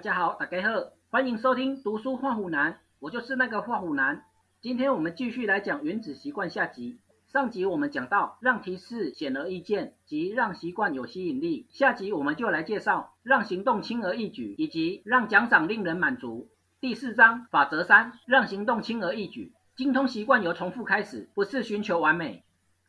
大家好，大家好，歡迎收聽讀書畫虎男，我就是那個畫虎男。今天我們繼續來講原子習慣下集。上集我們講到讓提示顯而易見，及讓習慣有吸引力。下集我們就來介紹讓行動輕而易舉，以及讓獎賞令人滿足。第四章法則三：讓行動輕而易舉。精通習慣由重複開始，不是尋求完美。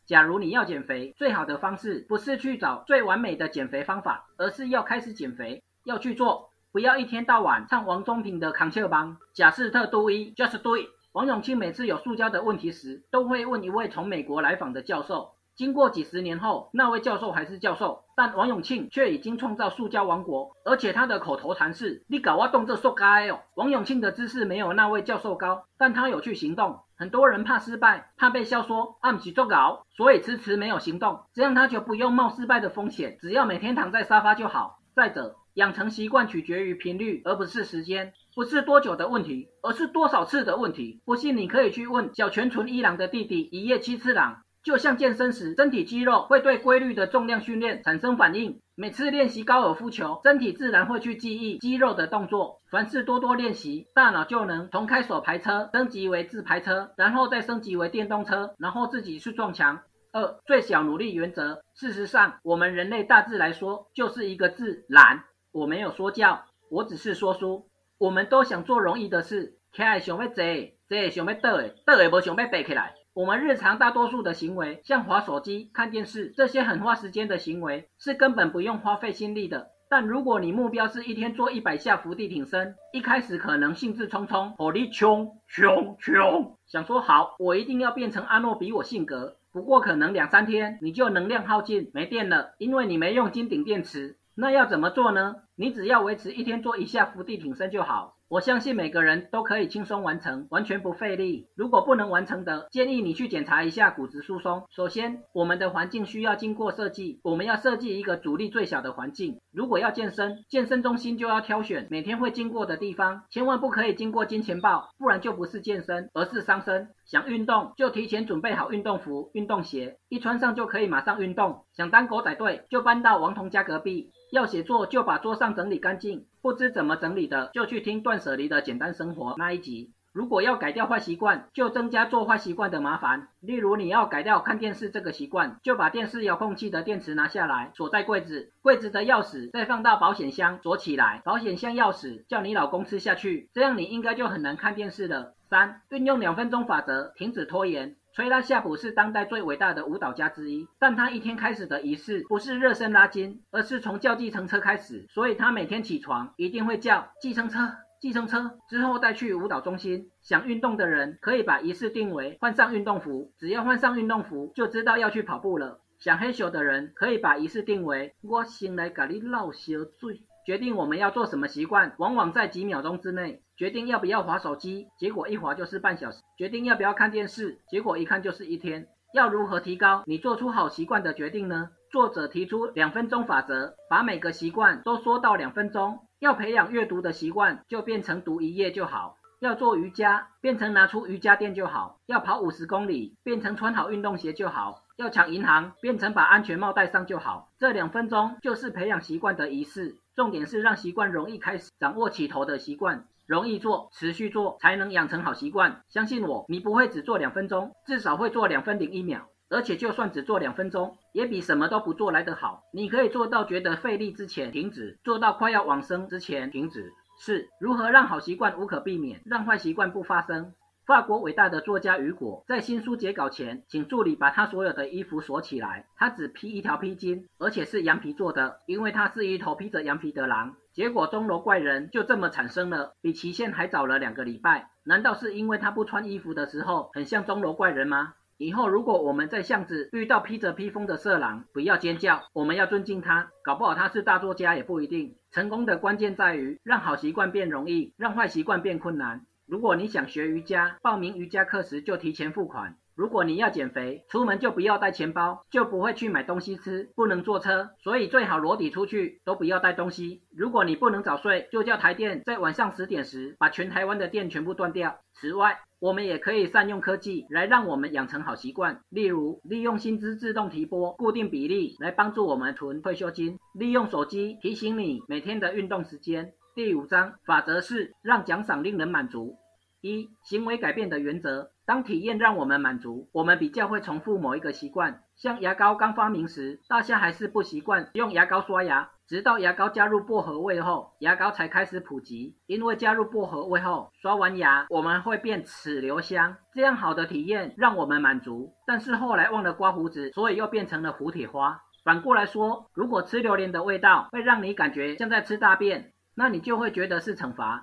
假如你要減肥，最好的方式不是去找最完美的減肥方法，而是要開始減肥，要去做。不要一天到晚唱王中平的《空笑夢》，賈斯特都伊 Just Do It。王永慶每次有塑膠的問題時，都會問一位從美國來訪的教授。經過幾十年後，那位教授還是教授，但王永慶卻已經創造塑膠王國。而且他的口頭禪是：“你搞挖洞這錯該哦。”王永慶的知識沒有那位教授高，但他有去行動。很多人怕失敗，怕被笑說 I'm 起作搞，所以遲遲沒有行動。這樣他就不用冒失敗的風險，只要每天躺在沙發就好。再者，養成習慣取決於頻率，而不是時間，不是多久的問題，而是多少次的問題。不信，你可以去問小泉純一郎的弟弟，一夜七次郎。就像健身時，身體肌肉會對規律的重量訓練產生反應，每次練習高爾夫球，身體自然會去記憶肌肉的動作。凡事多多練習，大腦就能從開手排車升級為自排車，然後再升級為電動車，然後自己去撞牆。二、最小努力原則。事實上，我們人類大致來說就是一個字，懶。我沒有說教，我只是說書。我們都想做容易的事，站想要坐，坐想要倒的，倒也無想要爬起來。我們日常大多數的行為，像滑手機、看電視這些很花時間的行為，是根本不用花費心力的。但如果你目標是一天做一百下伏地挺身，一開始可能興致沖沖，火力窮窮窮，想說好，我一定要變成阿諾比我性格。不過可能兩三天你就能量耗盡沒電了，因為你沒用金頂電池。那要怎麼做呢？你只要維持一天做一下伏地挺身就好。我相信每個人都可以輕鬆完成，完全不費力。如果不能完成的，建議你去檢查一下骨質疏鬆。首先，我們的環境需要經過設計，我們要設計一個阻力最小的環境。如果要健身，健身中心就要挑選每天會經過的地方，千萬不可以經過金錢豹，不然就不是健身，而是傷身。想運動就提前準備好運動服、運動鞋，一穿上就可以馬上運動。想當狗仔隊，就搬到王彤家隔壁。要寫作就把桌上整理乾淨，不知怎麼整理的就去聽斷捨離的簡單生活那一集。如果要改掉壞習慣，就增加做壞習慣的麻煩。例如你要改掉看電視這個習慣，就把電視遙控器的電池拿下來鎖在櫃子，櫃子的鑰匙再放到保險箱鎖起來，保險箱鑰匙叫你老公吃下去，這樣你應該就很難看電視了。三、運用兩分鐘法則，停止拖延。崔拉夏普是當代最偉大的舞蹈家之一，但他一天開始的儀式不是熱身拉筋，而是從叫計程車開始。所以他每天起床一定會叫計程車，計程車之後再去舞蹈中心。想運動的人可以把儀式定為換上運動服，只要換上運動服就知道要去跑步了。想嘿咻的人可以把儀式定為我先來給你弄些水。決定我們要做什麼習慣，往往在幾秒鐘之內決定要不要滑手機，結果一滑就是半小時；決定要不要看電視，結果一看就是一天。要如何提高你做出好習慣的決定呢？作者提出兩分鐘法則，把每個習慣都縮到兩分鐘。要培養閱讀的習慣，就變成讀一頁就好；要做瑜伽，變成拿出瑜伽墊就好；要跑五十公里，變成穿好運動鞋就好；要搶銀行，變成把安全帽戴上就好。這兩分鐘就是培養習慣的儀式。重點是讓習慣容易開始，掌握起頭的習慣容易做，持續做才能養成好習慣。相信我，你不會只做兩分鐘，至少會做兩分零一秒。而且就算只做兩分鐘，也比什麼都不做來得好。你可以做到覺得費力之前停止，做到快要往生之前停止。四、如何讓好習慣無可避免，讓壞習慣不發生？法國偉大的作家雨果在新書截稿前，請助理把他所有的衣服鎖起來。他只披一條披巾，而且是羊皮做的，因為他是一頭披着羊皮的狼。結果鐘樓怪人就這麼產生了，比期限還早了兩個禮拜。難道是因為他不穿衣服的時候很像鐘樓怪人嗎？以後如果我們在巷子遇到披着披風的色狼，不要尖叫，我們要尊敬他。搞不好他是大作家也不一定。成功的關鍵在於讓好習慣變容易，讓壞習慣變困難。如果你想學瑜伽，報名瑜伽課時就提前付款。如果你要減肥，出門就不要帶錢包，就不會去買東西吃，不能坐車，所以最好裸體出去，都不要帶東西。如果你不能早睡，就叫台電在晚上十點時把全台灣的電全部斷掉。此外，我們也可以善用科技來讓我們養成好習慣，例如利用薪資自動提撥固定比例來幫助我們存退休金，利用手機提醒你每天的運動時間。第五章法則是讓獎賞令人滿足。一、行為改變的原則。當體驗讓我們滿足，我們比較會重複某一個習慣。像牙膏剛發明時，大家還是不習慣用牙膏刷牙，直到牙膏加入薄荷味後，牙膏才開始普及。因為加入薄荷味後，刷完牙我們會變楚留香，這樣好的體驗讓我們滿足。但是後來忘了刮鬍子，所以又變成了胡鐵花。反過來說，如果吃榴蓮的味道會讓你感覺像在吃大便，那你就會覺得是懲罰。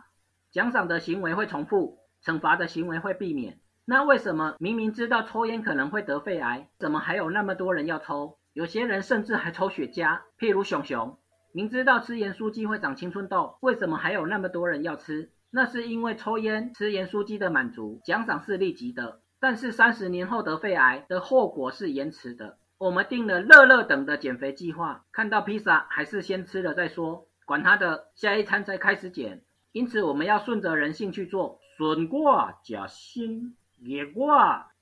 獎賞的行為會重複。懲罰的行為會避免，那為什麼明明知道抽煙可能會得肺癌，怎麼還有那麼多人要抽？有些人甚至還抽雪茄，譬如熊熊，明知道吃鹽酥雞會長青春痘，為什麼還有那麼多人要吃？那是因為抽煙、吃鹽酥雞的滿足獎賞是立即的，但是三十年後得肺癌的後果是延遲的。我們定了樂樂等的減肥計劃，看到披薩還是先吃了再說，管他的，下一餐再開始減。因此，我們要順着人性去做。準我加薪，也我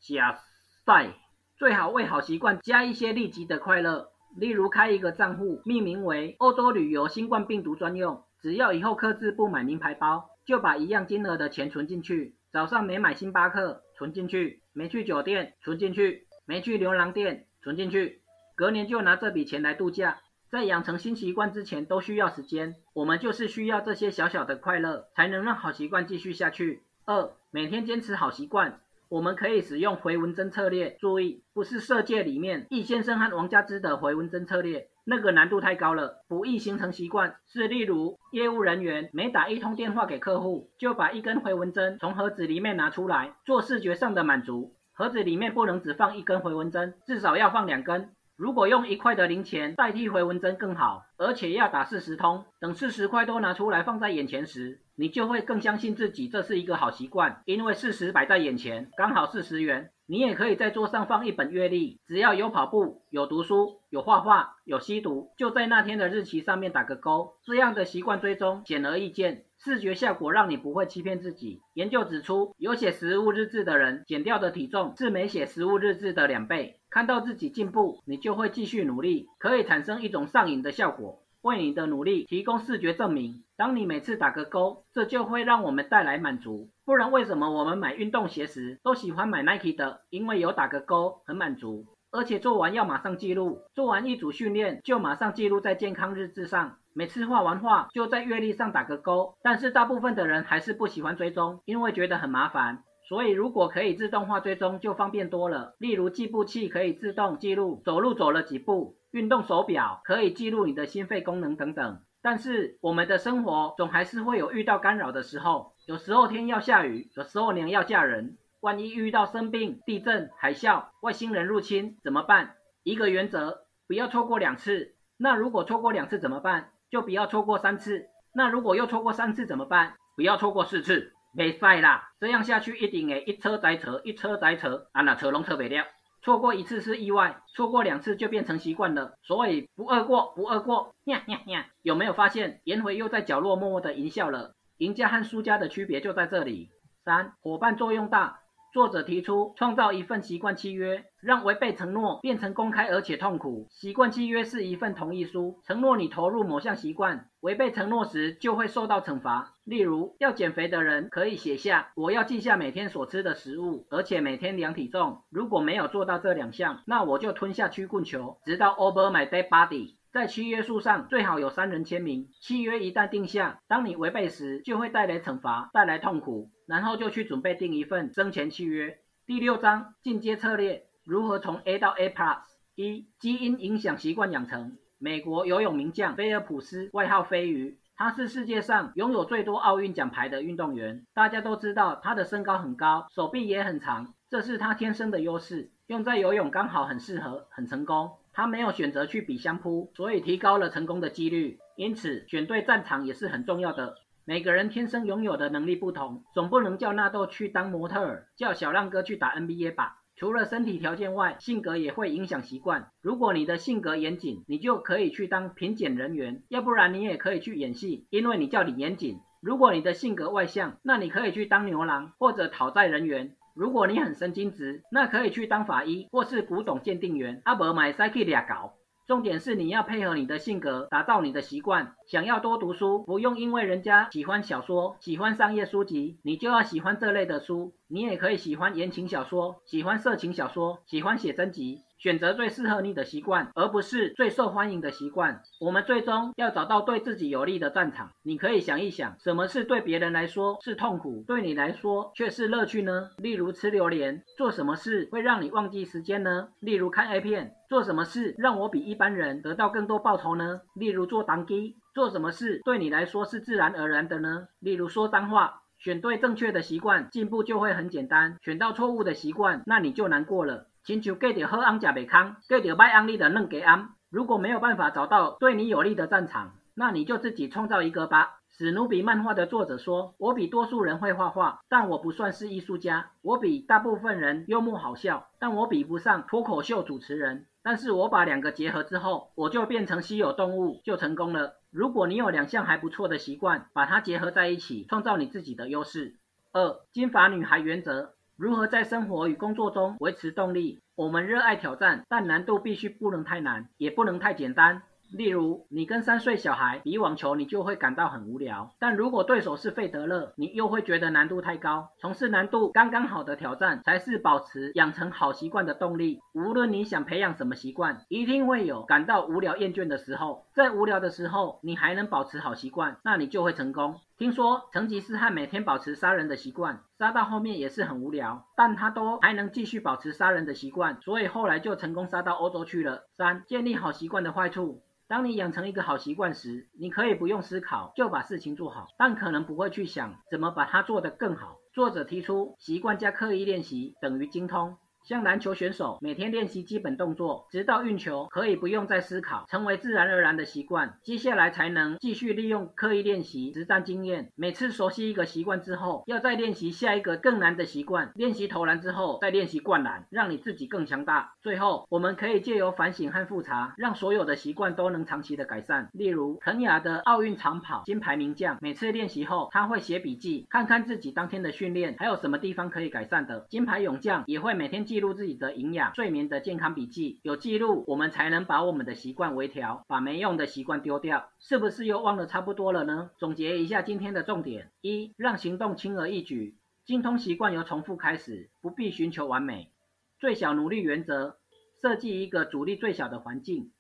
加塞。最好為好習慣加一些立即的快樂。例如開一個賬戶命名為“歐洲旅遊新冠病毒專用”。只要以後剋制不買名牌包，就把一樣金額的錢存進去。早上沒買星巴克，存進去；沒去酒店，存進去；沒去牛郎店，存進去。隔年就拿這筆錢來度假。在養成新習慣之前都需要時間，我們就是需要這些小小的快樂，才能讓好習慣繼續下去。二，每天堅持好習慣，我們可以使用回紋針策略。注意，不是《色戒》裡面易先生和王佳芝的回紋針策略，那個難度太高了，不易形成習慣。是例如，業務人員每打一通電話給客戶，就把一根回紋針從盒子裡面拿出來，做視覺上的滿足。盒子裡面不能只放一根回紋針，至少要放兩根。如果用一塊的零錢代替迴紋針更好，而且要打四十通。等四十塊都拿出來放在眼前時，你就會更相信自己這是一個好習慣，因為事實擺在眼前，剛好四十元。你也可以在桌上放一本月曆，只要有跑步、有讀書、有畫畫、有吸毒，就在那天的日期上面打個勾。這樣的習慣追蹤，顯而易見。視覺效果讓你不會欺騙自己。研究指出，有寫食物日誌的人減掉的體重是沒寫食物日誌的兩倍。看到自己進步，你就會繼續努力，可以產生一種上癮的效果，為你的努力提供視覺證明。當你每次打個勾，這就會讓我們帶來滿足。不然，為什麼我們買運動鞋時都喜歡買 Nike 的？因為有打個勾，很滿足。而且做完要馬上記錄，做完一組訓練就馬上記錄在健康日誌上。每次畫完畫就在月曆上打個勾。但是大部分的人還是不喜歡追蹤，因為覺得很麻煩。所以如果可以自動化追蹤就方便多了。例如計步器可以自動記錄走路走了幾步，運動手錶可以記錄你的心肺功能等等。但是我們的生活總還是會有遇到干擾的時候，有時候天要下雨，有時候娘要嫁人。萬一遇到生病、地震、海嘯、外星人入侵怎麼辦？一個原則，不要錯過兩次。那如果錯過兩次怎麼辦？就不要錯過三次。那如果又錯過三次怎麼辦？不要錯過四次，沒賽啦！這樣下去一定誒，一車再扯，一車再扯，啊，那扯龍特別亮。錯過一次是意外，錯過兩次就變成習慣了。所以不二過，不二過，哼哼哼。有沒有發現顏回又在角落默默的淫笑了？贏家和輸家的區別就在這裡。三，夥伴作用大。作者提出，創造一份習慣契約，讓違背承諾變成公開而且痛苦。習慣契約是一份同意書，承諾你投入某項習慣，違背承諾時就會受到懲罰。例如，要減肥的人可以寫下：“我要記下每天所吃的食物，而且每天量體重。如果沒有做到這兩項，那我就吞下曲棍球，直到 over my dead body。”在契約書上最好有三人簽名。契約一旦定下，當你違背時，就會帶來懲罰，帶來痛苦。然後就去準備訂一份生前契約。第六章進階策略：如何從 A 到 A Plus？一、基因影響習慣養成。美國游泳名將菲爾普斯，外號飛魚，他是世界上擁有最多奧運獎牌的運動員。大家都知道他的身高很高，手臂也很長，這是他天生的優勢，用在游泳剛好很適合，很成功。他沒有選擇去比相撲，所以提高了成功的幾率。因此，選對戰場也是很重要的。每個人天生擁有的能力不同，總不能叫納豆去當模特兒，叫小浪哥去打 NBA 吧。除了身體條件外，性格也會影響習慣。如果你的性格嚴謹，你就可以去當品檢人員；要不然你也可以去演戲，因為你叫李嚴謹。如果你的性格外向，那你可以去當牛郎或者討債人員。如果你很神經質，那可以去當法醫或是古董鑑定員。阿伯買三利亞搞。重點是你要配合你的性格，打造你的習慣。想要多讀書，不用因為人家喜歡小說、喜歡商業書籍，你就要喜歡這類的書。你也可以喜歡言情小說，喜歡色情小說，喜歡寫真集。選擇最適合你的習慣，而不是最受歡迎的習慣。我們最終要找到對自己有利的戰場。你可以想一想，什麼事對別人來說是痛苦，對你來說卻是樂趣呢？例如吃榴蓮。做什麼事會讓你忘記時間呢？例如看 A 片。做什麼事讓我比一般人得到更多報酬呢？例如做單 G。做什麼事對你來說是自然而然的呢？例如說髒話。選對正確的習慣，進步就會很簡單。選到錯誤的習慣，那你就難過了。尋求 get 喝安佳北康，get 到賣安利的能給安。如果沒有辦法找到對你有利的戰場，那你就自己創造一個吧。史努比漫畫的作者說：“我比多數人會畫畫，但我不算是藝術家。我比大部分人幽默好笑，但我比不上脫口秀主持人。但是我把兩個結合之後，我就變成稀有動物，就成功了。如果你有兩項還不錯的習慣，把它結合在一起，創造你自己的優勢。二”二、金髮女孩原則。如何在生活與工作中維持動力？我們熱愛挑戰，但難度必須不能太難，也不能太簡單。例如，你跟三歲小孩比網球，你就會感到很無聊；但如果對手是費德勒，你又會覺得難度太高。從事難度剛剛好的挑戰，才是保持養成好習慣的動力。無論你想培養什麼習慣，一定會有感到無聊厭倦的時候。在無聊的時候，你還能保持好習慣，那你就會成功。聽說成吉思汗每天保持殺人的習慣，殺到後面也是很無聊，但他都還能繼續保持殺人的習慣，所以後來就成功殺到歐洲去了。三、建立好習慣的壞處：當你養成一個好習慣時，你可以不用思考就把事情做好，但可能不會去想怎麼把它做得更好。作者提出，習慣加刻意練習等於精通。像籃球選手每天練習基本動作，直到運球可以不用再思考，成為自然而然的習慣。接下來才能繼續利用刻意練習、實戰經驗。每次熟悉一個習慣之後，要再練習下一個更難的習慣。練習投籃之後，再練習灌籃，讓你自己更強大。最後，我們可以借由反省和複查，讓所有的習慣都能長期的改善。例如，肯雅的奧運長跑金牌名將，每次練習後他會寫筆記，看看自己當天的訓練還有什麼地方可以改善的。金牌泳將也會每天記。記錄自己的營養、睡眠的健康筆記，有記錄我們才能把我們的習慣微調，把沒用的習慣丟掉，是不是又忘得差不多了呢？總結一下今天的重點：一、讓行動輕而易舉，精通習慣由重複開始，不必尋求完美，最小努力原則，設計一個阻力最小的環境，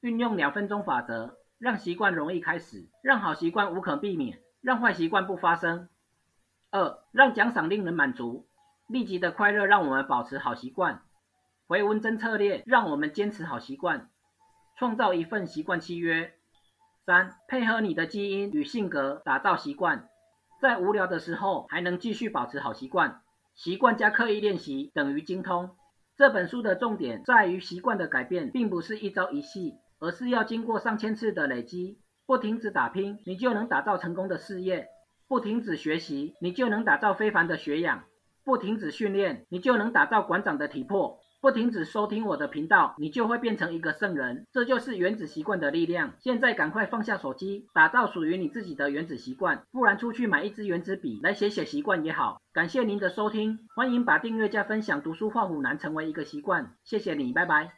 運用兩分鐘法則，讓習慣容易開始，讓好習慣無可避免，讓壞習慣不發生。二、讓獎賞令人滿足。立即的快樂讓我們保持好習慣，迴紋針策略讓我們堅持好習慣，創造一份習慣契約。三、配合你的基因與性格打造習慣，在無聊的時候還能繼續保持好習慣。習慣加刻意練習等於精通。這本書的重點在於習慣的改變，並不是一朝一夕，而是要經過上千次的累積。不停止打拼，你就能打造成功的事業；不停止學習，你就能打造非凡的學養。不停止訓練，你就能打造館長的體魄；不停止收聽我的頻道，你就會變成一個聖人。這就是原子習慣的力量。現在趕快放下手機，打造屬於你自己的原子習慣，不然出去買一支原子筆來寫寫習慣也好。感謝您的收聽，歡迎把訂閱加分享。讀書畫虎難成為一個習慣，謝謝你，拜拜。